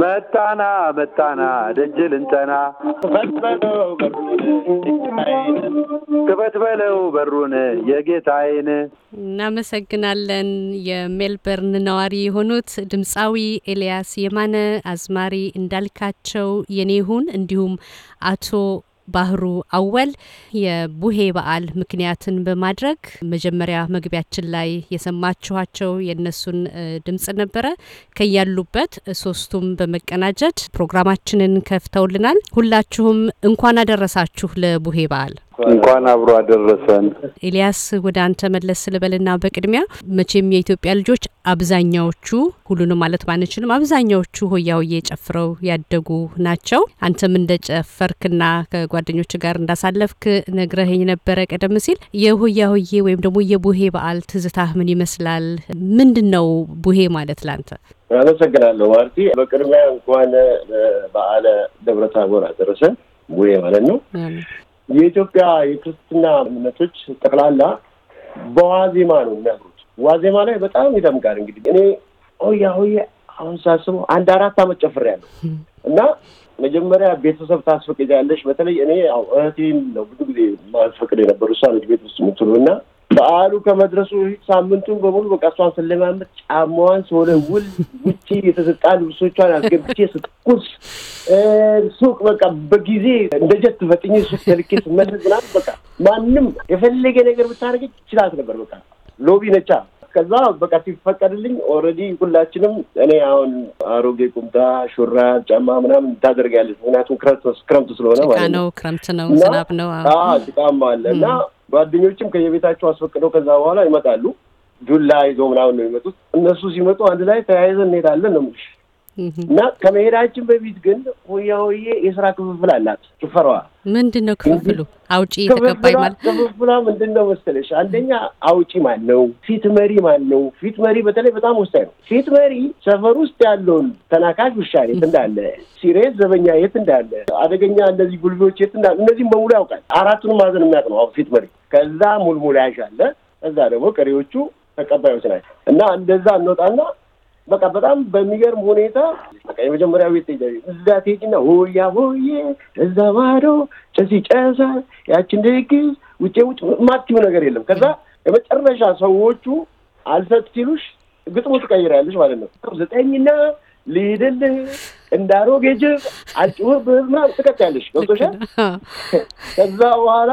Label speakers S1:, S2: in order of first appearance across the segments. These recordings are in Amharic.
S1: መጣና መጣና ደጅ ልንጠና ክፈት በለው በሩን አይን።
S2: እናመሰግናለን። የሜልበርን ነዋሪ የሆኑት ድምፃዊ ኤልያስ የማነ፣ አዝማሪ እንዳልካቸው የኔሁን እንዲሁም አቶ ባህሩ አወል የቡሄ በዓል ምክንያትን በማድረግ መጀመሪያ መግቢያችን ላይ የሰማችኋቸው የእነሱን ድምጽ ነበረ። ከያሉበት ሶስቱም በመቀናጀት ፕሮግራማችንን ከፍተውልናል። ሁላችሁም እንኳን አደረሳችሁ ለቡሄ በዓል።
S1: እንኳን አብሮ አደረሰን።
S2: ኤልያስ ወደ አንተ መለስ ስልበልና በቅድሚያ መቼም የኢትዮጵያ ልጆች አብዛኛዎቹ ሁሉንም ማለት ባንችልም አብዛኛዎቹ ሆያ ሆዬ ጨፍረው ያደጉ ናቸው። አንተም እንደ ጨፈርክና ከጓደኞች ጋር እንዳሳለፍክ ነግረኸኝ ነበረ ቀደም ሲል። የሆያ ሆዬ ወይም ደግሞ የቡሄ በዓል ትዝታህ ምን ይመስላል? ምንድን ነው ቡሄ ማለት ለአንተ?
S3: አመሰግናለሁ ማርቲ። በቅድሚያ እንኳን በዓለ ደብረ ታቦር አደረሰ ቡሄ ማለት ነው የኢትዮጵያ የክርስትና እምነቶች ጠቅላላ በዋዜማ ነው የሚያምሩት። ዋዜማ ላይ በጣም ይደምቃል። እንግዲህ እኔ
S4: ሆያ ሆያ አሁን ሳስበው አንድ
S3: አራት አመት ጨፍሬያለሁ እና መጀመሪያ ቤተሰብ ታስፈቅጃለሽ። በተለይ እኔ ያው እህቴን ነው ብዙ ጊዜ ማስፈቅድ የነበሩ እሷ ቤት ውስጥ የምትሉ እና በዓሉ ከመድረሱ በፊት ሳምንቱን በሙሉ በቃ እሷን ስለማመት ጫማዋን ስሆነ ውል ውጪ የተሰጣ ልብሶቿን አስገብቼ ስትኩስ ሱቅ በቃ በጊዜ እንደ ጀት ፈጥኝ ሱቅ ተልኬ ስመለስ ምናምን በቃ ማንም የፈለገ ነገር ብታደርገች ችላት ነበር። በቃ ሎቢ ነቻ። ከዛ በቃ ሲፈቀድልኝ ኦልሬዲ ሁላችንም እኔ አሁን አሮጌ ቁምጣ፣ ሹራብ፣ ጫማ ምናምን ታደርጋለች። ምክንያቱም ክረምት ስለሆነ ነው።
S2: ክረምት ነው፣ ዝናብ ነው፣
S3: ጭቃማ አለ እና ጓደኞችም ከየቤታቸው አስፈቅደው ከዛ በኋላ ይመጣሉ። ዱላ ይዞ ምናምን ነው የሚመጡት። እነሱ ሲመጡ አንድ ላይ ተያይዘን እንሄዳለን ነው የምልሽ። እና ከመሄዳችን በፊት ግን ሁያ ሁዬ የስራ ክፍፍል አላት ጭፈራዋ።
S2: ምንድን ነው ክፍፍሉ?
S3: አውጪ ተቀባይ ማለት ክፍፍሏ ምንድን ነው መሰለሽ? አንደኛ አውጪ ማን ነው? ፊት መሪ ማን ነው? ፊት መሪ በተለይ በጣም ወሳኝ ነው። ፊት መሪ ሰፈር ውስጥ ያለውን ተናካሽ ውሻ የት እንዳለ፣ ሲሬት ዘበኛ የት እንዳለ፣ አደገኛ እነዚህ ጉልቢዎች የት እንዳለ፣ እነዚህም በሙሉ ያውቃል። አራቱንም ማዘን የሚያውቅ ነው ፊት መሪ። ከዛ ሙልሙል ያሻለ፣ ከዛ ደግሞ ቀሪዎቹ ተቀባዮች ናቸው እና እንደዛ እንወጣና በቃ በጣም በሚገርም ሁኔታ በቃ የመጀመሪያ ቤት ጃ እዛ ትሄጂና ሆያ ሆዬ እዛ ባዶ ጨሲ ጨሳ ያችን ድግስ ውጭ ውጭ ማቲው ነገር የለም። ከዛ የመጨረሻ ሰዎቹ አልሰጥ ሲሉሽ ግጥሙ ትቀይሪያለሽ ማለት ነው። ዘጠኝና ልሂድልህ እንደ አሮጌ ጅብ አልጭውብህ ምናምን ትቀጫለሽ። ገብቶሻል። ከዛ በኋላ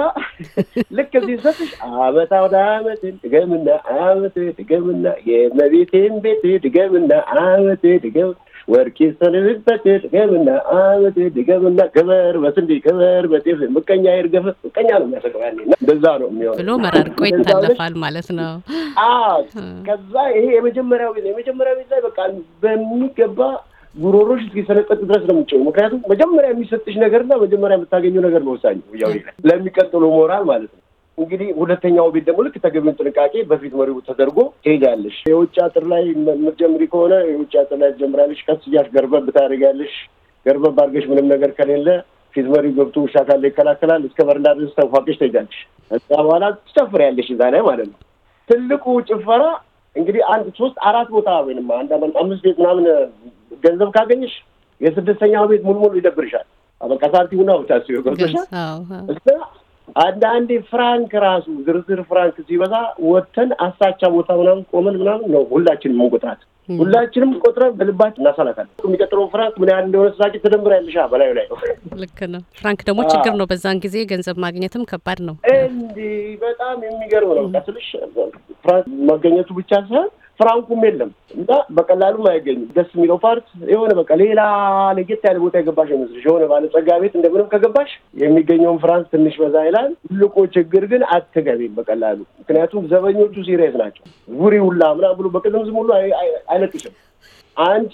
S3: ልክ እዚህ ሰጥሽ አመት ወደ አመት ድገምና አመት ድገምና የመቤቴን ቤት ድገምና አመት ድገም ወርኪ ሰልብበት ድገምና አመት ድገምና ክበር በስንዴ ገበር በጤፍ ምቀኛ ይርገፍ ምቀኛ ነው የሚያሰቅባል። እንደዛ ነው የሚሆን ብሎ መራርቆ ይታለፋል ማለት ነው። ከዛ ይሄ የመጀመሪያው ቤት የመጀመሪያው ቤት ላይ በቃ በሚገባ ጉሮሮሽ እስኪሰለጠጥ ድረስ ነው ምክንያቱም መጀመሪያ የሚሰጥሽ ነገርና መጀመሪያ የምታገኘው ነገር ነው ወሳኝ ሞራል ማለት ነው። እንግዲህ ሁለተኛው ቤት ደግሞ ልክ ተገቢውን ጥንቃቄ በፊት መሪው ተደርጎ ትሄዳለሽ። የውጭ አጥር ላይ ምትጀምሪ ከሆነ የውጭ አጥር ላይ ትጀምራለሽ። ቀስ እያልሽ ገርበብ ታደርጊያለሽ። ገርበብ አድርገሽ ምንም ነገር ከሌለ ፊት መሪው ገብቶ ውሻ ካለ ይከላከላል። እስከ በረንዳ ድረስ ተንፏቀሽ ትሄጃለሽ። እዛ በኋላ ትጨፍሪያለሽ እዛ ላይ ማለት ነው። ትልቁ ጭፈራ እንግዲህ አንድ ሶስት አራት ቦታ ወይም አንድ አምስት ቤት ምናምን ገንዘብ ካገኝሽ የስድስተኛው ቤት ሙሉ ሙሉ ይደብርሻል። በቃ ሳንቲሙና ብቻ ሲሆ
S5: ገብቶሻል።
S3: አንዳንዴ ፍራንክ ራሱ ዝርዝር ፍራንክ ሲበዛ ወተን አሳቻ ቦታ ምናምን ቆመን ምናምን ነው ሁላችንም እንቆጥራት ሁላችንም ቆጥረን በልባችን እናሳላታለን። የሚቀጥለው ፍራንክ ምን ያህል እንደሆነ ስላቸው ተደምረ ያለሻ በላዩ ላይ ነው።
S2: ልክ ነው። ፍራንክ ደግሞ ችግር ነው። በዛን ጊዜ ገንዘብ ማግኘትም ከባድ ነው።
S3: እንዲህ በጣም የሚገርም ነው። በቃ ስልሽ ፍራንክ መገኘቱ ብቻ ሳይሆን ፍራንኩም የለም እና በቀላሉም አይገኙም። ደስ የሚለው ፓርት የሆነ በቃ ሌላ ለየት ያለ ቦታ የገባሽ አይመስልሽ። የሆነ ባለጸጋ ቤት እንደምንም ከገባሽ የሚገኘውን ፍራንስ ትንሽ በዛ ይላል። ትልቁ ችግር ግን አትገቢም በቀላሉ ምክንያቱም ዘበኞቹ ሲሪየስ ናቸው። ውሪ ሁላ ምናምን ብሎ በቅድም ዝም ሁሉ አይለቅሽም። አንቺ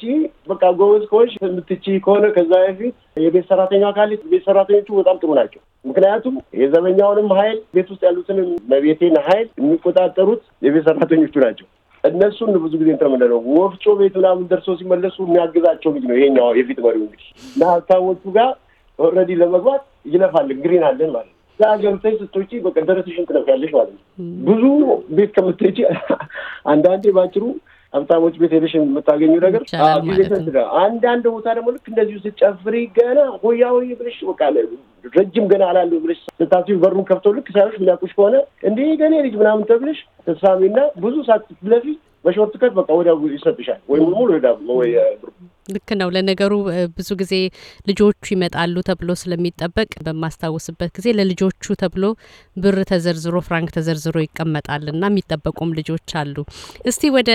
S3: በቃ ጎበዝ ከሆንሽ የምትቺ ከሆነ ከዛ በፊት የቤት ሰራተኛ ካለች ቤት ሰራተኞቹ በጣም ጥሩ ናቸው። ምክንያቱም የዘበኛውንም ኃይል ቤት ውስጥ ያሉትንም መቤቴን ኃይል የሚቆጣጠሩት የቤት ሰራተኞቹ ናቸው። እነሱን ብዙ ጊዜ እንትን የምንለው ወፍጮ ቤት ምናምን ደርሶ ሲመለሱ የሚያግዛቸው ልጅ ነው ይሄኛው የፊት መሪው እንግዲህ እና ሀብታሞቹ ጋር ኦልሬዲ ለመግባት ይለፋለን ግሪን አለን ማለት ነው። ገብተሽ ስትወጪ በቃ ደረሰሽን ትለፊያለሽ ማለት ነው። ብዙ ቤት ከምትሄጂ አንዳንዴ ባጭሩ ሀብታሞች ቤት ሄደሽ የምታገኙ ነገር ጊዜ አንዳንድ ቦታ ደግሞ ልክ እንደዚሁ ስጨፍሪ ገና ሆያ ሆይ ብለሽ በቃ ረጅም ገና አላሉ ብለሽ ስታሲ በሩን ከፍተው ልክ ሳይሆንሽ የሚያውቁሽ ከሆነ እንዲህ ገኔ ልጅ ምናምን ተብልሽ ተሳሚና ብዙ ሳትለፊ በሾርት ከት በቃ ወዲያ ይሰጥሻል ወይ ሙሉ ወዳ ወይ
S2: ልክ ነው። ለነገሩ ብዙ ጊዜ ልጆቹ ይመጣሉ ተብሎ ስለሚጠበቅ በማስታወስበት ጊዜ ለልጆቹ ተብሎ ብር ተዘርዝሮ ፍራንክ ተዘርዝሮ ይቀመጣል እና የሚጠበቁም ልጆች አሉ። እስቲ ወደ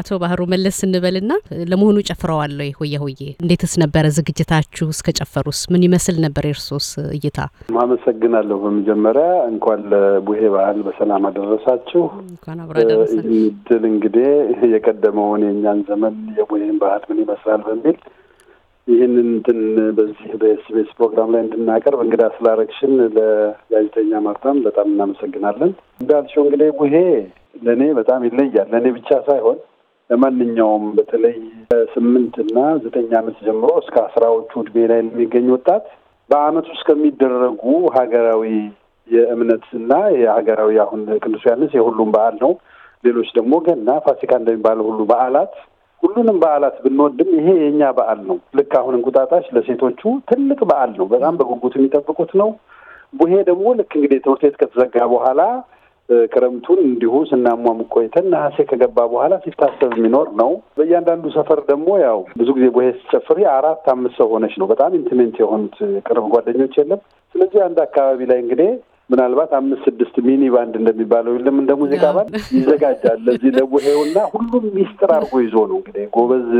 S2: አቶ ባህሩ መለስ ስንበል ና ለመሆኑ ጨፍረዋለሁ ሆየ ሆዬ እንዴትስ ነበረ ዝግጅታችሁ? እስከ ጨፈሩስ ምን ይመስል ነበር? እርሶስ እይታ?
S1: አመሰግናለሁ። በመጀመሪያ እንኳን ለቡሄ በዓል በሰላም አደረሳችሁ። ድል እንግዲህ የቀደመውን የእኛን ዘመን የቡሄን ባህል ምን ይመስላል በሚል ይህንን እንትን በዚህ በኤስቢኤስ ፕሮግራም ላይ እንድናቀርብ እንግዳ ስላረግሽን ለጋዜጠኛ ማርታም በጣም እናመሰግናለን። እንዳልሽው እንግዲህ ቡሄ ለእኔ በጣም ይለያል። ለእኔ ብቻ ሳይሆን ለማንኛውም በተለይ ከስምንት እና ዘጠኝ ዓመት ጀምሮ እስከ አስራዎቹ ዕድሜ ላይ ለሚገኝ ወጣት በዓመት ውስጥ ከሚደረጉ ሀገራዊ የእምነት እና የሀገራዊ አሁን ቅዱስ ዮሐንስ የሁሉም በዓል ነው። ሌሎች ደግሞ ገና፣ ፋሲካ እንደሚባለው ሁሉ በዓላት ሁሉንም በዓላት ብንወድም ይሄ የእኛ በዓል ነው። ልክ አሁን እንቁጣጣሽ ለሴቶቹ ትልቅ በዓል ነው። በጣም በጉጉት የሚጠብቁት ነው። ቡሄ ደግሞ ልክ እንግዲህ ትምህርት ቤት ከተዘጋ በኋላ ክረምቱን እንዲሁ ስናሟም ቆይተን ነሐሴ ከገባ በኋላ ሲታሰብ የሚኖር ነው። በእያንዳንዱ ሰፈር ደግሞ ያው ብዙ ጊዜ ቦሄ ስጨፍሪ አራት አምስት ሰው ሆነች ነው በጣም ኢንቲሜንት የሆኑት ቅርብ ጓደኞች የለም። ስለዚህ አንድ አካባቢ ላይ እንግዲህ ምናልባት አምስት ስድስት ሚኒ ባንድ እንደሚባለው የለም እንደ ሙዚቃ ባንድ ይዘጋጃል። ለዚህ ለቡሄውና ሁሉም ሚስጥር አድርጎ ይዞ ነው እንግዲህ ጎበዝ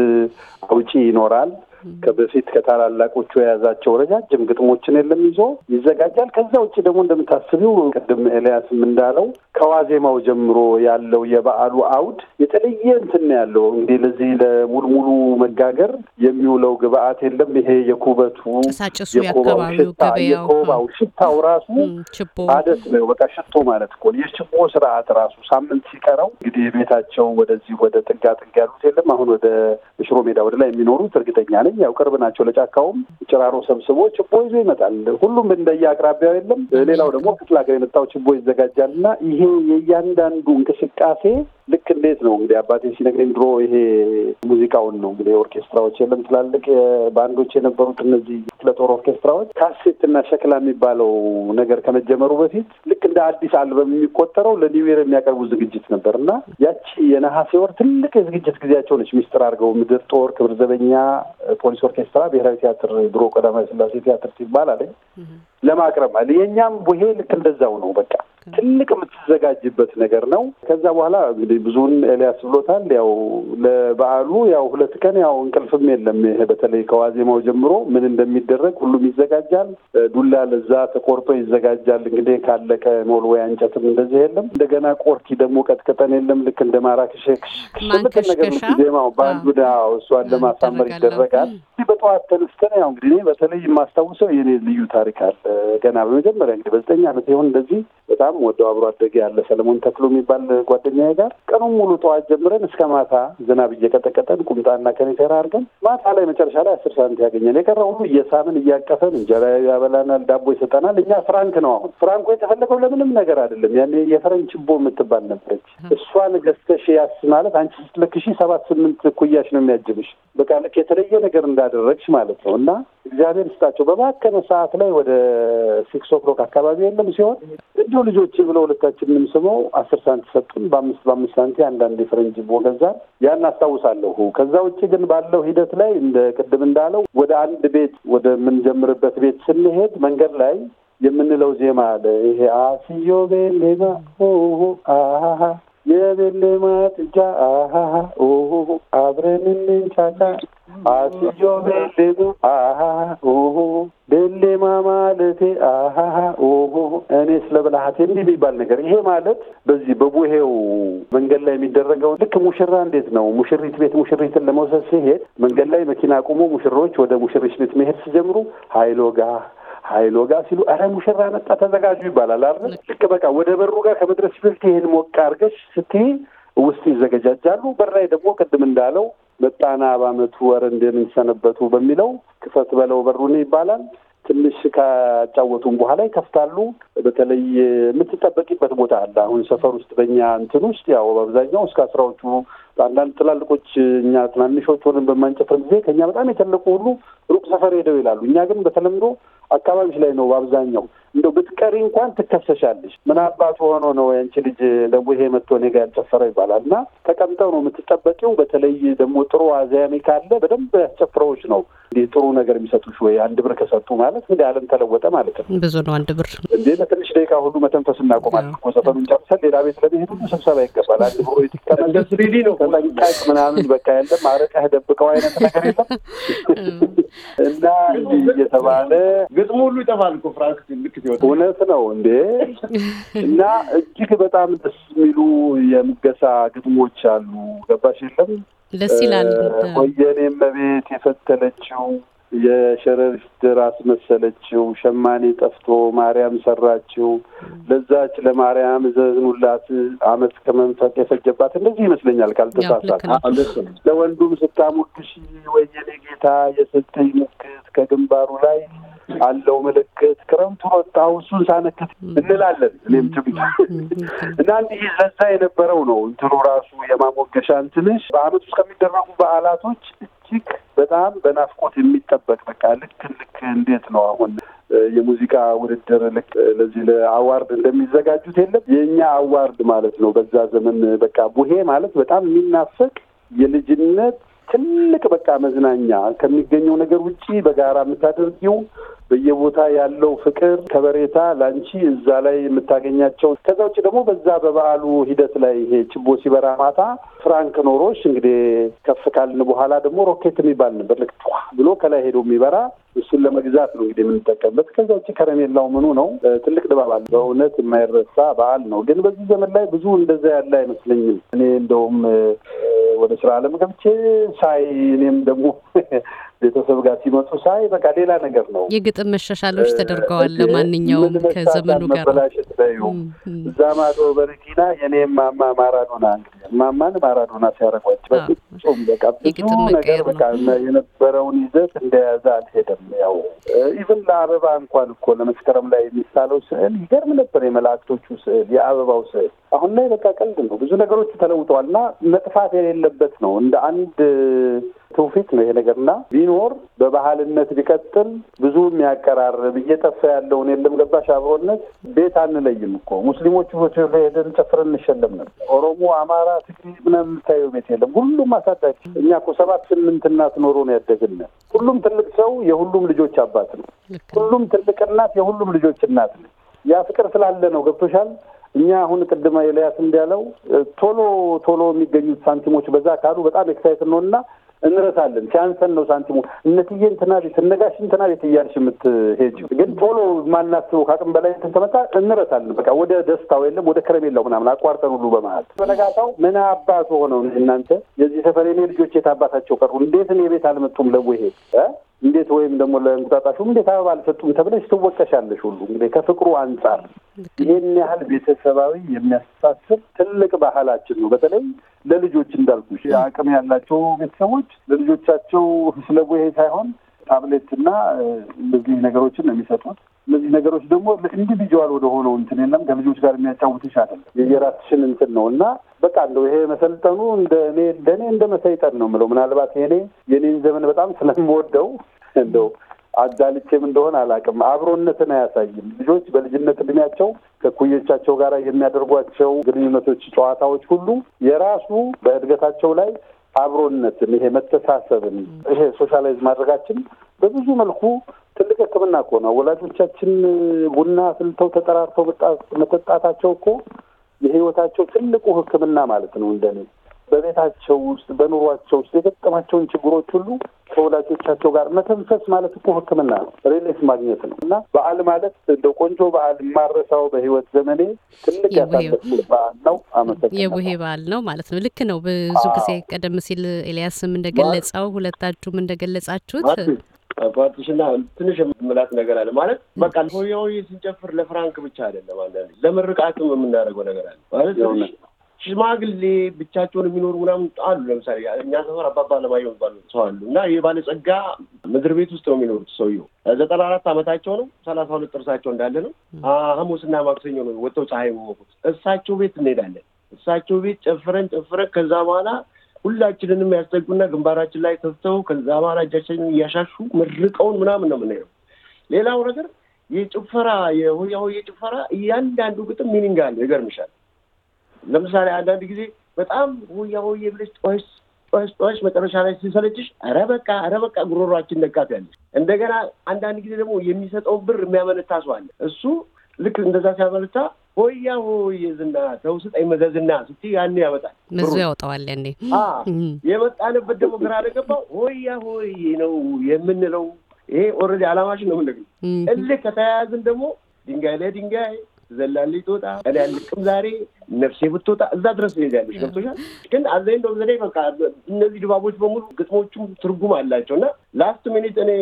S1: አውጪ ይኖራል። ከበፊት ከታላላቆቹ የያዛቸው ረጃጅም ግጥሞችን የለም ይዞ ይዘጋጃል። ከዛ ውጭ ደግሞ እንደምታስቢው ቅድም ኤልያስም እንዳለው ከዋዜማው ጀምሮ ያለው የበዓሉ አውድ የተለየ እንትን ያለው እንግዲህ ለዚህ ለሙልሙሉ መጋገር የሚውለው ግብአት የለም። ይሄ የኩበቱ የኮባው ሽታ የኮባው ሽታው ራሱ አደስ ነው። በቃ ሽቶ ማለት እኮ የችቦ ስርዓት ራሱ ሳምንት ሲቀረው እንግዲህ ቤታቸው ወደዚህ ወደ ጥጋ ጥግ ያሉት የለም አሁን ወደ ሽሮ ሜዳ ወደ ላይ የሚኖሩት እርግጠኛ ነኝ። ያው ቅርብ ናቸው ለጫካውም ጭራሮ ሰብስቦ ችቦ ይዞ ይመጣል። ሁሉም እንደየ አቅራቢያው የለም። ሌላው ደግሞ ክፍለ ሀገር የመጣው ችቦ ይዘጋጃል እና ይሄ የእያንዳንዱ እንቅስቃሴ እንቅስቃሴ ልክ እንዴት ነው እንግዲህ አባቴ ሲነግረኝ ድሮ ይሄ ሙዚቃውን ነው እንግዲህ ኦርኬስትራዎች የለም ትላልቅ ባንዶች የነበሩት እነዚህ ክፍለ ኦርኬስትራዎች ኦርኬስትራዎች ካሴትና ሸክላ የሚባለው ነገር ከመጀመሩ በፊት ልክ እንደ አዲስ አልበም የሚቆጠረው ለኒውዬር የሚያቀርቡ ዝግጅት ነበር እና ያቺ የነሐሴ ወር ትልቅ የዝግጅት ጊዜያቸው ነች። ሚስጥር አድርገው ምድር ጦር፣ ክብር ዘበኛ፣ ፖሊስ ኦርኬስትራ፣ ብሔራዊ ቲያትር ድሮ ቀዳማዊ ስላሴ ቲያትር ሲባል አለኝ ለማቅረብ ማለት የእኛም ይሄ ልክ እንደዛው ነው በቃ ትልቅ የምትዘጋጅበት ነገር ነው። ከዛ በኋላ እንግዲህ ብዙውን ኤልያስ ብሎታል። ያው ለበዓሉ ያው ሁለት ቀን ያው እንቅልፍም የለም። ይሄ በተለይ ከዋዜማው ጀምሮ ምን እንደሚደረግ ሁሉም ይዘጋጃል። ዱላ ለዛ ተቆርጦ ይዘጋጃል። እንግዲህ ካለቀ መወልወያ እንጨትም እንደዚህ የለም። እንደገና ቆርኪ ደግሞ ቀጥቅጠን የለም። ልክ እንደ ማራክሽ ክሽክሽ ነገር ዜማው በአንዱ እሷን ለማሳመር ይደረጋል። በጠዋት ተነስተን ያው እንግዲህ በተለይ የማስታውሰው የኔ ልዩ ታሪክ አለ። ገና በመጀመሪያ እንግዲህ በዘጠኝ ዓመት ይሆን እንደዚህ በጣም በጣም ወደ አብሮ አደግ ያለ ሰለሞን ተክሎ የሚባል ጓደኛዬ ጋር ቀኑን ሙሉ ጠዋት ጀምረን እስከ ማታ ዝናብ እየቀጠቀጠን ቁምጣና ከኔቴራ አድርገን ማታ ላይ መጨረሻ ላይ አስር ሳንት ያገኘን የቀረ ሁሉ እየሳምን እያቀፈን እንጀራ ያበላናል፣ ዳቦ ይሰጠናል። እኛ ፍራንክ ነው። አሁን ፍራንኮ የተፈለገው ለምንም ነገር አይደለም። ያኔ የፈረንች ችቦ የምትባል ነበረች። እሷን ገዝተሽ ያስ ማለት አንቺ ስትለክሺ ሰባት ስምንት ኩያሽ ነው የሚያጅብሽ። በቃ ልክ የተለየ ነገር እንዳደረግሽ ማለት ነው እና እግዚአብሔር ስጣቸው በባከነ ሰዓት ላይ ወደ ሲክስ ኦክሎክ አካባቢ የለም ሲሆን እንዲሁ ልጆ ልጆቼ ብለው ሁለታችንንም ስመው አስር ሳንቲ ሰጡን። በአምስት በአምስት ሳንቲ አንዳንድ የፈረንጅ ቦገዛ ያን አስታውሳለሁ። ከዛ ውጭ ግን ባለው ሂደት ላይ እንደ ቅድም እንዳለው ወደ አንድ ቤት ወደ ቤት ስንሄድ መንገድ ላይ የምንለው ዜማ አለ። ይሄ አስዮ ቤሌማ አሃ የቤሌማ ጥጃ አሃ አብረን እንንጫጫ አስዮ ደሌ አሀ ኦሆ ደሌማ ማለቴ አሀ ኦሆ እኔ ስለ ብልሃቴ እንዲህ የሚባል ነገር ይሄ ማለት በዚህ በቡሄው መንገድ ላይ የሚደረገው ልክ ሙሽራ እንዴት ነው ሙሽሪት ቤት ሙሽሪትን ለመውሰድ ሲሄድ መንገድ ላይ መኪና አቁሞ ሙሽሮች ወደ ሙሽሪት ቤት መሄድ ሲጀምሩ ሀይሎ ጋር ሀይሎ ጋር ሲሉ አረ ሙሽራ መጣ ተዘጋጁ ይባላል አይደል? ልክ በቃ ወደ በሩ ጋር ከመድረስ በፊት ይሄን ሞቅ አድርገሽ ስትይ ውስጥ ይዘገጃጃሉ። በር ላይ ደግሞ ቅድም እንዳለው በጣና በአመቱ ወር እንደምንሰነበቱ በሚለው ክፈት በለው በሩን ይባላል። ትንሽ ካጫወቱን በኋላ ይከፍታሉ። በተለይ የምትጠበቂበት ቦታ አለ። አሁን ሰፈር ውስጥ በእኛ እንትን ውስጥ ያው በአብዛኛው እስከ አስራዎቹ አንዳንድ ትላልቆች እኛ ትናንሾች ሆነን በማንጨፍር ጊዜ ከኛ በጣም የተለቁ ሁሉ ሩቅ ሰፈር ሄደው ይላሉ። እኛ ግን በተለምዶ አካባቢዎች ላይ ነው በአብዛኛው እንደው ብትቀሪ እንኳን ትከሰሻለሽ። ምን ሆኖ ነው ያንቺ ልጅ ደግሞ ይሄ መጥቶ እኔ ጋር ያልጨፈረው ይባላል። እና ተቀምጠው ነው የምትጠበቂው። በተለይ ደግሞ ጥሩ አዛያሚ ካለ በደንብ ያስጨፍረዎች ነው። እንዲህ ጥሩ ነገር የሚሰጡሽ ወይ አንድ ብር ከሰጡ ማለት እንደ ዓለም ተለወጠ ማለት ነው።
S2: ብዙ ነው አንድ ብር
S1: እንዴ! ለትንሽ ደቂቃ ሁሉ መተንፈስ እናቆማል እኮ ሰፈኑን ጨርሰን ሌላ ቤት ለመሄድ ሁሉ ስብሰባ ይገባል። አንድ ብሮ የትከመለስሪዲ ነው ከዛ ምናምን በቃ ያለም አረቀህ ደብቀው አይነት ነገር የለም እና እንዲህ እየተባለ ግጥሙ ሁሉ ይጠፋል እኮ ፍራንክ ልክ ሲወጣ እውነት ነው እንዴ። እና እጅግ በጣም ደስ የሚሉ የምገሳ ግጥሞች አሉ። ገባሽ የለም
S5: ደስ ይላል። ወየኔ
S1: መቤት የፈተለችው የሸረሪት ራስ መሰለችው፣ ሸማኔ ጠፍቶ ማርያም ሰራችው፣ ለዛች ለማርያም ዘዝኑላት አመት ከመንፈቅ የፈጀባት እንደዚህ ይመስለኛል ካልተሳሳት። ለወንዱም ስታሞግሽ ወየኔ ጌታ የሰጠኝ ሙግስ ከግንባሩ ላይ አለው ምልክት ክረምቱ ወጣ እሱን ሳነክት እንላለን። እኔም ትንሽ እና እንዲህ ለዛ የነበረው ነው እንትኑ ራሱ የማሞገሻን ትንሽ በአመት ውስጥ ከሚደረጉ በዓላቶች እጅግ በጣም በናፍቆት የሚጠበቅ በቃ ልክ ልክ እንዴት ነው አሁን የሙዚቃ ውድድር ልክ ለዚህ ለአዋርድ እንደሚዘጋጁት የለም የእኛ አዋርድ ማለት ነው። በዛ ዘመን በቃ ቡሄ ማለት በጣም የሚናፈቅ የልጅነት ትልቅ በቃ መዝናኛ ከሚገኘው ነገር ውጭ በጋራ የምታደርጊው በየቦታ ያለው ፍቅር፣ ከበሬታ ላንቺ እዛ ላይ የምታገኛቸው ከዛ ውጭ ደግሞ በዛ በበዓሉ ሂደት ላይ ይሄ ችቦ ሲበራ ማታ ፍራንክ ኖሮች እንግዲህ ከፍ ካልን በኋላ ደግሞ ሮኬት የሚባል ነበር። ልክ ብሎ ከላይ ሄዶ የሚበራ እሱን ለመግዛት ነው እንግዲህ የምንጠቀምበት። ከዛ ውጭ ከረሜላው ምኑ ነው ትልቅ ድባብ አለ። በእውነት የማይረሳ በዓል ነው። ግን በዚህ ዘመን ላይ ብዙ እንደዛ ያለ አይመስለኝም። እኔ እንደውም ወደ ስራ አለም ገብቼ ሳይ እኔም ደግሞ ቤተሰብ ጋር ሲመጡ ሳይ በቃ ሌላ ነገር ነው።
S2: የግጥም መሻሻሎች ተደርገዋል። ለማንኛውም ከዘመኑ ጋር መበላሸት
S1: ላዩ እዛ ማዶ በረኪና የኔ ማማ ማራዶና እንግዲህ ማማን ማራዶና ሲያደርጓቸው በፍጹም በቃ ብዙ ነገር በቃ የነበረውን ይዘት እንደያዘ አልሄደም። ያው ኢቭን ለአበባ እንኳን እኮ ለመስከረም ላይ የሚሳለው ስዕል ይገርም ነበር። የመላእክቶቹ ስዕል፣ የአበባው ስዕል አሁን ላይ በቃ ቀልድ ነው። ብዙ ነገሮች ተለውጠዋል እና መጥፋት የሌለበት ነው እንደ አንድ ትውፊት ነው ይሄ ነገር እና ቢኖር በባህልነት ቢቀጥል ብዙ የሚያቀራርብ እየጠፋ ያለውን የለም ገባሽ አብሮነት ቤት አንለይም እኮ ሙስሊሞቹ ሄደን ጨፍረን እንሸለም ነበር። ኦሮሞ፣ አማራ፣ ትግሪ ምናምን የምታየው ቤት የለም። ሁሉም አሳዳጅ እኛ እኮ ሰባት ስምንት እናት ኖሮ ነው ያደግን። ሁሉም ትልቅ ሰው የሁሉም ልጆች አባት ነው። ሁሉም ትልቅ እናት የሁሉም ልጆች እናት ነው። ያ ፍቅር ስላለ ነው ገብቶሻል እኛ አሁን ቅድመ ኤልያስ እንዳለው ቶሎ ቶሎ የሚገኙት ሳንቲሞች በዛ ካሉ በጣም ኤክሳይት ነው እና እንረሳለን። ሲያንሰን ነው ሳንቲሙ። እነትዬ እንትና ቤት እነጋሽ እንትና ቤት እያልሽ የምትሄጅ ግን ቶሎ ማናስበው ከአቅም በላይ እንትን ተመጣ እንረሳለን። በቃ ወደ ደስታው የለም ወደ ከረሜላው ምናምን አቋርጠን ሁሉ በመሀል በነጋታው ምን አባቱ ሆነው እናንተ የዚህ ሰፈር የኔ ልጆች የት አባታቸው ቀሩ? እንዴት እኔ ቤት አልመጡም? ለወሄ እንዴት ወይም ደግሞ ለእንቁጣጣሹም እንዴት አበባ አልሰጡም ተብለሽ ትወቀሻለሽ። ሁሉ እንግዲህ ከፍቅሩ አንጻር ይህን ያህል ቤተሰባዊ የሚያስተሳስር ትልቅ ባህላችን ነው። በተለይ ለልጆች እንዳልኩሽ አቅም ያላቸው ቤተሰቦች ለልጆቻቸው ስለ ይሄ ሳይሆን ታብሌትና እንደዚህ ነገሮችን ነው የሚሰጡት። እነዚህ ነገሮች ደግሞ ኢንዲቪጁዋል ወደ ሆነው እንትን የለም ከልጆች ጋር የሚያጫውት አይደለም። የየራስሽን እንትን ነው እና በቃ እንደው ይሄ መሰልጠኑ እንደ እኔ ለእኔ እንደ መሰይጠን ነው የምለው። ምናልባት የኔ የኔን ዘመን በጣም ስለምወደው እንደው አዳልቼም እንደሆነ አላውቅም። አብሮነትን አያሳይም። ልጆች በልጅነት እድሜያቸው ከኩዮቻቸው ጋር የሚያደርጓቸው ግንኙነቶች፣ ጨዋታዎች ሁሉ የራሱ በእድገታቸው ላይ አብሮነትን ይሄ መተሳሰብን ይሄ ሶሻላይዝ ማድረጋችን በብዙ መልኩ ትልቅ ሕክምና እኮ ነው። ወላጆቻችን ቡና ፍልተው ተጠራርተው መጠጣታቸው እኮ የህይወታቸው ትልቁ ሕክምና ማለት ነው። እንደኔ በቤታቸው ውስጥ በኑሯቸው ውስጥ የገጠማቸውን ችግሮች ሁሉ ከወላጆቻቸው ጋር መተንፈስ ማለት እኮ ሕክምና ነው፣ ሪሌክስ ማግኘት ነው። እና በዓል ማለት እንደ ቆንጆ በዓል የማረሳው በህይወት ዘመኔ ትልቅ ያሳለፍ በዓል ነው። አመሰግ የቡሄ
S2: በዓል ነው ማለት ነው። ልክ ነው። ብዙ ጊዜ ቀደም ሲል ኤልያስም እንደገለጸው ሁለታችሁም እንደገለጻችሁት
S3: ፓርቲሽና ትንሽ የምላት ነገር አለ ማለት በቃ ሆያው ስንጨፍር ለፍራንክ ብቻ አይደለም፣ አንዳንድ ለምርቃትም የምናደርገው ነገር አለ ማለት ሽማግሌ ብቻቸውን የሚኖሩ ምናምን አሉ። ለምሳሌ እኛ ሰፈር አባባ አለማየሁ የሚባሉ ሰው አሉ እና ይህ ባለጸጋ ምድር ቤት ውስጥ ነው የሚኖሩት። ሰውየው ዘጠና አራት ዓመታቸው ነው። ሰላሳ ሁለት ጥርሳቸው እንዳለ ነው። ሐሙስና ማክሰኞ ነው ወጥተው ፀሐይ መሞቁት። እሳቸው ቤት እንሄዳለን። እሳቸው ቤት ጨፍረን ጨፍረን ከዛ በኋላ ሁላችንንም ያስጠጉና ግንባራችን ላይ ተፍተው ከዛ አማራ እያሻሹ ምርቀውን ምናምን ነው የምናየው። ሌላው ነገር የጭፈራ የሆያ ሆዬ ጭፈራ እያንዳንዱ ግጥም ሚኒንግ አለው። ይገርምሻል። ለምሳሌ አንዳንድ ጊዜ በጣም ሆያ ሆዬ ብለሽ ጦሽ ጦሽ ጦሽ መጨረሻ ላይ ሲሰለችሽ ኧረ በቃ ኧረ በቃ ጉሮሯችን ነካት ያለች። እንደገና አንዳንድ ጊዜ ደግሞ የሚሰጠውን ብር የሚያመነታ ሰው አለ። እሱ ልክ እንደዛ ሲያመነታ ሆያ ሆየዝና ሰው ስጠኝ መዘዝና ስቲ ያን ያመጣል ብዙ
S2: ያወጣዋል። ያኔ
S3: የመጣንበት ደግሞ ግራ ለገባው ሆያ ሆይ ነው የምንለው። ይሄ ኦልሬዲ አላማሽን ነው ምንደግ እልህ ከተያያዝን ደግሞ ድንጋይ ላይ ድንጋይ ትዘላለች ትወጣ እኔ አልቅም ዛሬ ነፍሴ ብትወጣ እዛ ድረስ ሄዳለች። ገብቶሻል። ግን አዘኝ እንደው ዘዴ በቃ እነዚህ ድባቦች በሙሉ ግጥሞቹም ትርጉም አላቸው እና ላስት ሚኒት እኔ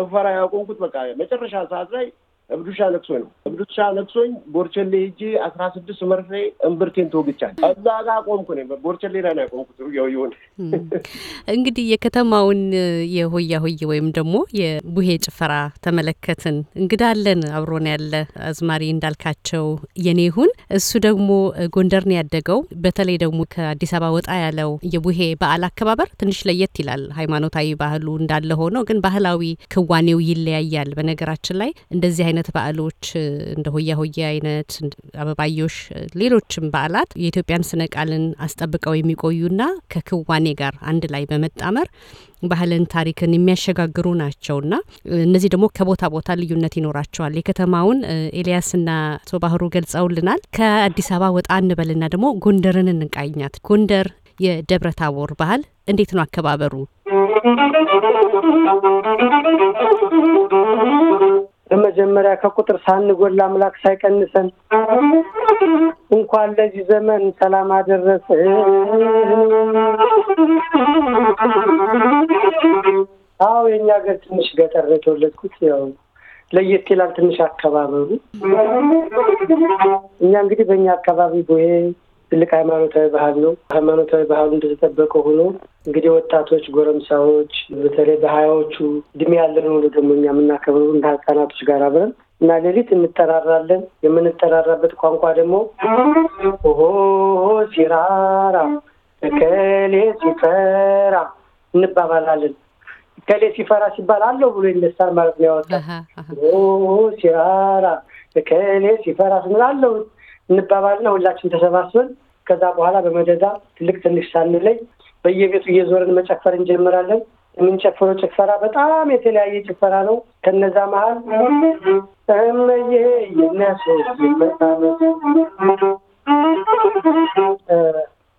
S3: ጭፈራ ያቆምኩት በቃ መጨረሻ ሰዓት ላይ እብዱሻ ነክሶ ነው። እብዱሻ ነክሶኝ ቦርቸሌ ሂጂ አስራ ስድስት መርፌ እምብርቴን ተወግቻል። እዛ ጋ ቆምኩ ነ ቦርቸሌ ላይ ነው ያቆምኩት። ያው ይሆን
S2: እንግዲህ የከተማውን የሆያ ሆዬ ወይም ደግሞ የቡሄ ጭፈራ ተመለከትን። እንግዳለን አብሮን ያለ አዝማሪ እንዳልካቸው የኔ ይሁን እሱ ደግሞ ጎንደር ነው ያደገው። በተለይ ደግሞ ከአዲስ አበባ ወጣ ያለው የቡሄ በዓል አከባበር ትንሽ ለየት ይላል። ሃይማኖታዊ ባህሉ እንዳለ ሆኖ ግን ባህላዊ ክዋኔው ይለያያል። በነገራችን ላይ እንደዚህ አይነት አይነት በዓሎች እንደ ሆያ ሆያ አይነት አበባዮሽ፣ ሌሎችም በዓላት የኢትዮጵያን ስነ ቃልን አስጠብቀው የሚቆዩና ከክዋኔ ጋር አንድ ላይ በመጣመር ባህልን፣ ታሪክን የሚያሸጋግሩ ናቸውና እነዚህ ደግሞ ከቦታ ቦታ ልዩነት ይኖራቸዋል። የከተማውን ኤልያስና ቶ ባህሩ ገልጸውልናል። ከአዲስ አበባ ወጣ እንበልና ደግሞ ጎንደርን እንቃኛት። ጎንደር የደብረ ታቦር ባህል እንዴት ነው አከባበሩ?
S4: በመጀመሪያ ከቁጥር ሳንጎላ አምላክ ሳይቀንሰን እንኳን ለዚህ ዘመን ሰላም አደረሰ። አዎ የእኛ ሀገር ትንሽ ገጠር የተወለድኩት ያው ለየት ይላል ትንሽ አካባበሩ። እኛ እንግዲህ በእኛ አካባቢ ቦሄ ትልቅ ሃይማኖታዊ ባህል ነው። ሃይማኖታዊ ባህሉ እንደተጠበቀ ሆኖ እንግዲህ ወጣቶች፣ ጎረምሳዎች በተለይ በሀያዎቹ እድሜ ያለን ሆኖ ደግሞ እኛ የምናከብረው እንደ ህጻናቶች ጋር አብረን እና ሌሊት እንጠራራለን። የምንጠራራበት ቋንቋ ደግሞ ሲራራ እከሌ ሲፈራ እንባባላለን። እከሌ ሲፈራ ሲባል አለው ብሎ ይነሳል ማለት ነው። ያወጣል ሲራራ እከሌ ሲፈራ ስንል አለው እንባባልና ሁላችን ተሰባስበን ከዛ በኋላ በመደዳ ትልቅ ትንሽ ሳንለይ በየቤቱ እየዞርን መጨፈር እንጀምራለን። የምንጨፍረው ጭፈራ በጣም የተለያየ ጭፈራ ነው። ከነዛ መሀል እመዬ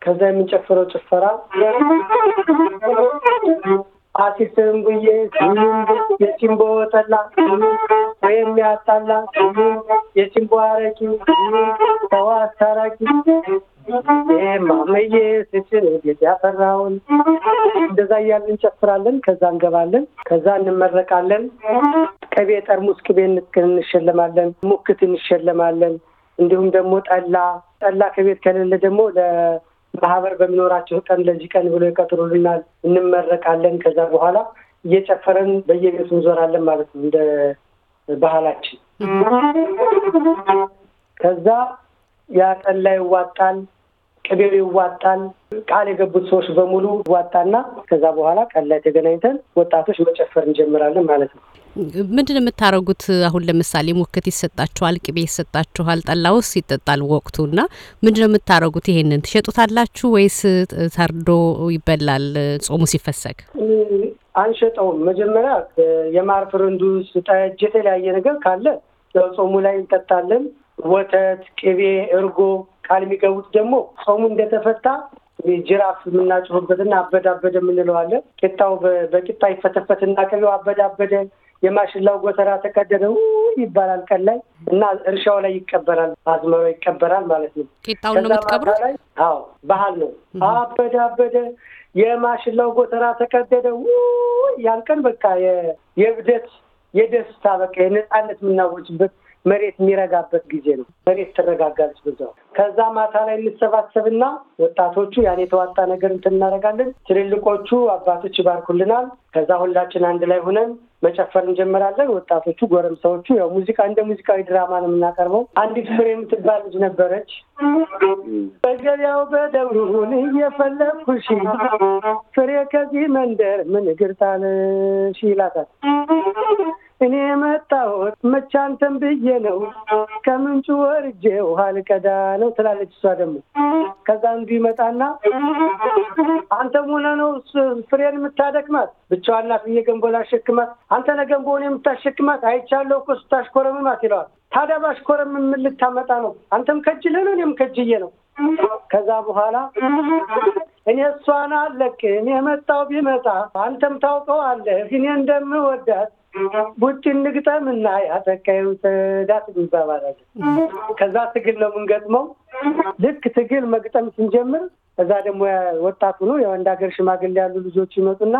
S4: ከዛ የምንጨፍረው ጭፈራ አሲስም ብዬ የሲምቦ ጠላ ወይም ያጣላ የሲምቦ አረቂ ሰዋ አስታራቂ ማመዬ ስች ጌታ ያፈራውን እንደዛ እያልን እንጨፍራለን። ከዛ እንገባለን። ከዛ እንመረቃለን። ቅቤ ጠርሙስ ቅቤ እንሸለማለን። ሙክት እንሸለማለን። እንዲሁም ደግሞ ጠላ ጠላ ከቤት ከሌለ ደግሞ ለማህበር በሚኖራቸው ቀን ለዚህ ቀን ብሎ ይቀጥሩልናል። እንመረቃለን። ከዛ በኋላ እየጨፈረን በየቤቱ እንዞራለን ማለት ነው እንደ ባህላችን ከዛ ያጠላ ይዋጣል፣ ቅቤው ይዋጣል፣ ቃል የገቡት ሰዎች በሙሉ ይዋጣና ከዛ በኋላ ቀን ላይ ተገናኝተን ወጣቶች መጨፈር እንጀምራለን ማለት ነው።
S2: ምንድን የምታደርጉት? አሁን ለምሳሌ ሙክት ይሰጣችኋል፣ ቅቤ ይሰጣችኋል፣ ጠላውስ ይጠጣል ወቅቱ እና ምንድን የምታደርጉት? ይሄንን ትሸጡታላችሁ ወይስ ተርዶ ይበላል? ጾሙ ሲፈሰግ
S4: አንሸጠውም። መጀመሪያ የማር ፍርንዱስ፣ ጠጅ፣ የተለያየ ነገር ካለ ጾሙ ላይ እንጠጣለን። ወተት፣ ቅቤ፣ እርጎ ቃል የሚገቡት ደግሞ ጾሙ እንደተፈታ ጅራፍ የምናጭፉበትና አበዳበደ የምንለዋለን። ቂጣው በቂጣ ይፈተፈትና ቅቤው አበዳበደ የማሽላው ጎተራ ተቀደደ ይባላል። ቀን ላይ እና እርሻው ላይ ይቀበራል፣ አዝመራው ይቀበራል ማለት ነው። ቂጣውን ነው አዎ ባህል ነው። አበዳበደ የማሽላው ጎተራ ተቀደደ። ያን ቀን በቃ የእብደት የደስታ በቃ የነፃነት የምናወጭበት መሬት የሚረጋበት ጊዜ ነው። መሬት ትረጋጋለች። በዛው ከዛ ማታ ላይ እንሰባሰብና ወጣቶቹ ያን የተዋጣ ነገር እንትን እናደርጋለን። ትልልቆቹ አባቶች ይባርኩልናል። ከዛ ሁላችን አንድ ላይ ሆነን መጨፈር እንጀምራለን። ወጣቶቹ፣ ጎረምሳዎቹ ያው ሙዚቃ እንደ ሙዚቃዊ ድራማ ነው የምናቀርበው። አንዲት ፍሬ የምትባል ልጅ ነበረች። በገበያው በደብሩን እየፈለግኩሽ ፍሬ ከዚህ መንደር ምን እግር ይላታል። እኔ የመጣሁት መቻንተን ብዬ ነው ከምንጩ ወርጄ ውሃ ልቀዳ ነው ትላለች። እሷ ደግሞ ከዛ አንዱ ይመጣና አንተም ሆነህ ነው ፍሬን የምታደክማት ብቻዋን ናት ብዬ ገንቦ ላሸክማት አንተ ነህ ገንቦውን የምታሸክማት አይቻለሁ እኮ ስታሽኮረምማት ይለዋል። ታዲያ ባሽኮረም ምን ልታመጣ ነው? አንተም ከጅልህ ነው እኔም ከጅዬ ነው። ከዛ በኋላ እኔ እሷን አለቅ እኔ የመጣው ቢመጣ አንተም ታውቀዋለህ እኔ እንደምወዳት ቡጭ እንግጠም እና ያጠቃዩ ዳት ይባባላል። ከዛ ትግል ነው የምንገጥመው። ልክ ትግል መግጠም ስንጀምር እዛ ደግሞ ወጣቱ ነው የወንድ ሀገር ሽማግሌ ያሉ ልጆች ይመጡና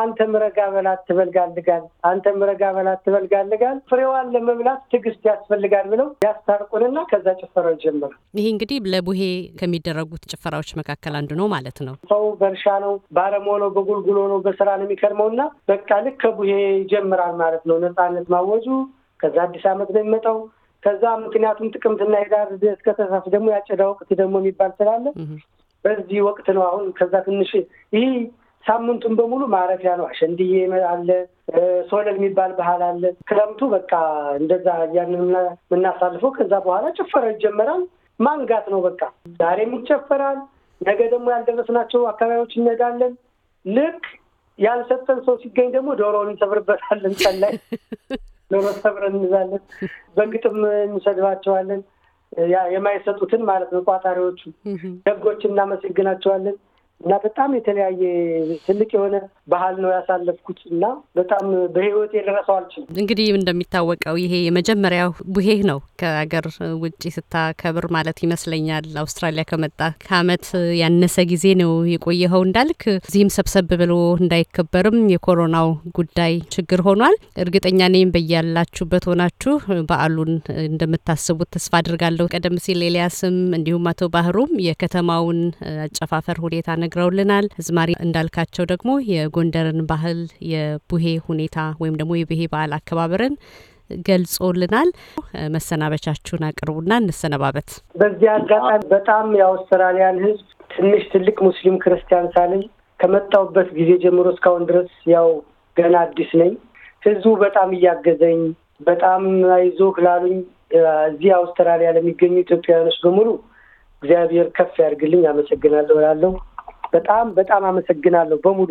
S4: አንተም ረጋ በላት ትበልጋልጋል አንተም ረጋ በላት ትበልጋልጋል ፍሬዋን ለመብላት ትዕግስት ያስፈልጋል ብለው ያስታርቁንና ከዛ ጭፈራው ይጀምራል።
S2: ይሄ እንግዲህ ለቡሄ ከሚደረጉት ጭፈራዎች መካከል አንዱ ነው ማለት ነው።
S4: ሰው በእርሻ ነው፣ ባረሞ ነው፣ በጉልጉሎ ነው፣ በስራ ነው የሚከርመውና በቃ ልክ ከቡሄ ይጀምራል ማለት ነው። ነፃነት ማወጁ ከዛ አዲስ ዓመት ነው የሚመጣው ከዛ ምክንያቱም ጥቅምትና ሄዳር እስከ ተሳስ ደግሞ ያጨዳ ወቅት ደግሞ የሚባል ስላለ በዚህ ወቅት ነው። አሁን ከዛ ትንሽ ይህ ሳምንቱን በሙሉ ማረፊያ ነው። አሸንድዬ አለ፣ ሶለል የሚባል ባህል አለ። ክረምቱ በቃ እንደዛ እያን የምናሳልፈው። ከዛ በኋላ ጭፈራ ይጀመራል። ማንጋት ነው በቃ ዛሬም ይጨፈራል። ነገ ደግሞ ያልደረስናቸው አካባቢዎች እንሄዳለን። ልክ ያልሰጠን ሰው ሲገኝ ደግሞ ዶሮ እንሰብርበታለን። ጠላይ ዶሮ ሰብረን እንዛለን በግጥም እንሰድባቸዋለን። የማይሰጡትን ማለት ነው ቋጣሪዎቹ ደጎች እናመሰግናቸዋለን። እና በጣም የተለያየ ትልቅ የሆነ ባህል ነው ያሳለፍኩት እና በጣም በህይወት የደረሰው አልችልም።
S2: እንግዲህ እንደሚታወቀው ይሄ የመጀመሪያው ቡሄህ ነው ከሀገር ውጭ ስታከብር ማለት ይመስለኛል። አውስትራሊያ ከመጣ ከአመት ያነሰ ጊዜ ነው የቆየኸው እንዳልክ። እዚህም ሰብሰብ ብሎ እንዳይከበርም የኮሮናው ጉዳይ ችግር ሆኗል። እርግጠኛ ነኝ በያላችሁበት ሆናችሁ በዓሉን እንደምታስቡት ተስፋ አድርጋለሁ። ቀደም ሲል ኤልያስም እንዲሁም አቶ ባህሩም የከተማውን አጨፋፈር ሁኔታ ነግረውልናል። ዝማሪ እንዳልካቸው ደግሞ የጎንደርን ባህል የቡሄ ሁኔታ ወይም ደግሞ የቡሄ በዓል አከባበርን ገልጾልናል። መሰናበቻችሁን አቅርቡና እንሰነባበት።
S4: በዚህ አጋጣሚ በጣም የአውስትራሊያን ሕዝብ ትንሽ ትልቅ ሙስሊም ክርስቲያን ሳለኝ ከመጣሁበት ጊዜ ጀምሮ እስካሁን ድረስ ያው ገና አዲስ ነኝ። ሕዝቡ በጣም እያገዘኝ በጣም አይዞህ ላሉኝ እዚህ አውስትራሊያ ለሚገኙ ኢትዮጵያውያኖች በሙሉ እግዚአብሔር ከፍ ያድርግልኝ። አመሰግናለሁ እላለሁ። በጣም በጣም አመሰግናለሁ በሙሉ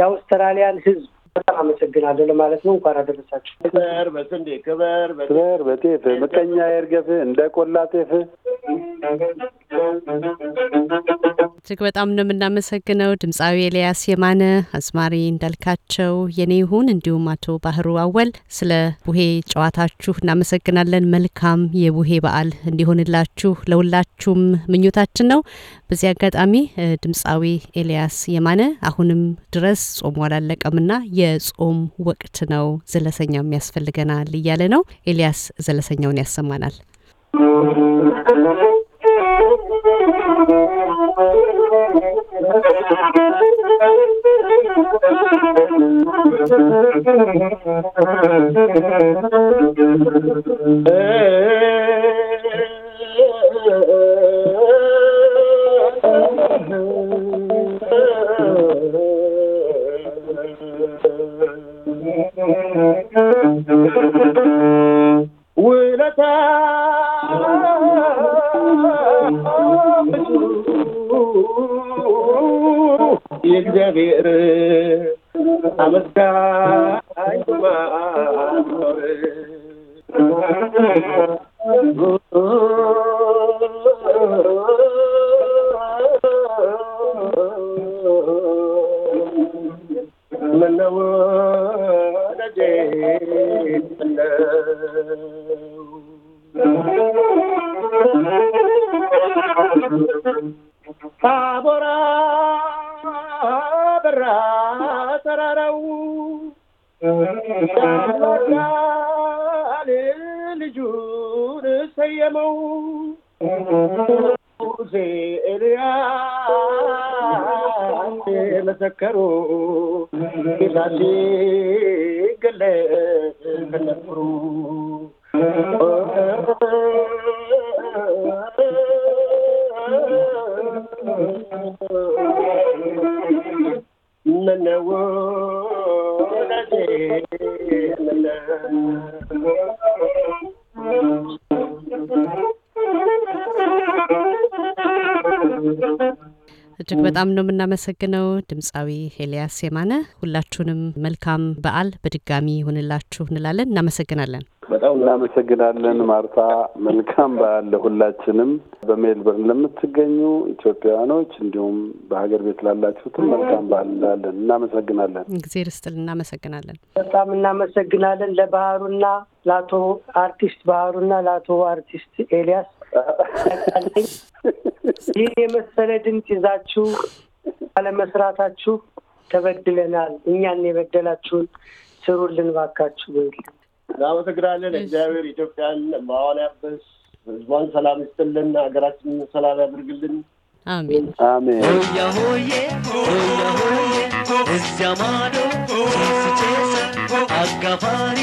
S4: የአውስትራሊያን ህዝብ በጣም አመሰግናለሁ ለማለት ነው። እንኳን አደረሳችሁ። ክበር
S1: በስንዴ ክበር
S4: ክበር በጤፍ ምቀኛ
S1: የርገፍ እንደ
S4: ቆላ ጤፍ እጅግ
S2: በጣም ነው የምናመሰግነው። ድምፃዊ ኤልያስ የማነ፣ አዝማሪ እንዳልካቸው የኔ ይሁን፣ እንዲሁም አቶ ባህሩ አወል ስለ ቡሄ ጨዋታችሁ እናመሰግናለን። መልካም የቡሄ በዓል እንዲሆንላችሁ ለሁላችሁም ምኞታችን ነው። በዚህ አጋጣሚ ድምፃዊ ኤልያስ የማነ አሁንም ድረስ ጾሙ አላለቀምና የጾም ወቅት ነው፣ ዘለሰኛም ያስፈልገናል እያለ ነው። ኤልያስ ዘለሰኛውን ያሰማናል።
S3: செஞ்ச வேறு நமஸ்கார் እጅግ
S2: በጣም ነው የምናመሰግነው ድምፃዊ ኤልያስ የማነ። ሁላችሁንም መልካም በዓል በድጋሚ ይሁንላችሁ እንላለን። እናመሰግናለን።
S1: በጣም እናመሰግናለን ማርታ። መልካም በዓል ለሁላችንም። በሜልበርን ለምትገኙ ኢትዮጵያውያኖች እንዲሁም በሀገር ቤት ላላችሁትም መልካም በዓል እንላለን። እናመሰግናለን።
S4: እግዜር ይስጥል። እናመሰግናለን። በጣም እናመሰግናለን ለባህሩና ለአቶ አርቲስት ባህሩና ለአቶ አርቲስት ኤልያስ ይህ የመሰለ ድምፅ ይዛችሁ አለመስራታችሁ ተበድለናል። እኛን የበደላችሁን ስሩልን ባካችሁ
S3: እናመሰግናለን። እግዚአብሔር ኢትዮጵያን ማዋን ያበስ፣ ህዝቧን ሰላም ይስጥልን፣ ሀገራችንን ሰላም ያድርግልን።
S4: አሜን አሜን።
S3: ሆያ
S5: ሆዬ ሆያ ሆዬ እዚያ ማዶ ስቼሰ አጋፋሪ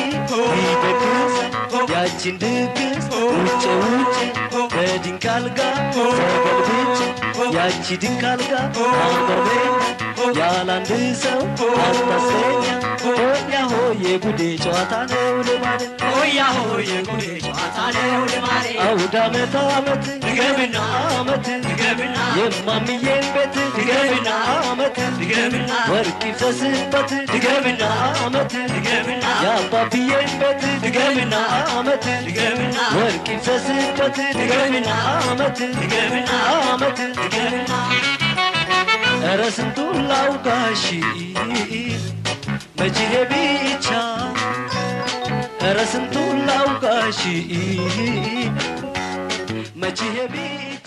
S5: ያችን ድግስ ውጭ ውጭ በድንቅ ተገልብጭ ያቺ ያላንድ ሰው አስታሰኛ ሆያ ሆዬ ጉዴ ጨዋታ ነው ልማድ ሆያ ሆዬ ጉዴ ጨዋታ ነው ልማድ አውድ አመት አመት ድገምና አመት ድገምና የማምዬን ቤት ድገምና አመት ድገምና ወርቅ ይፍሰስበት ድገምና አመት ድገምና የአባብዬን ቤት ድገምና አመት ድገምና ወርቅ ይፍሰስበት ድገምና አመት ድገምና አመት ድገምና ከስንቱን ላውጋ ሺ መቼ ብቻ ኧረ ስንቱን ላውጋ ሺ መቼ ብቻ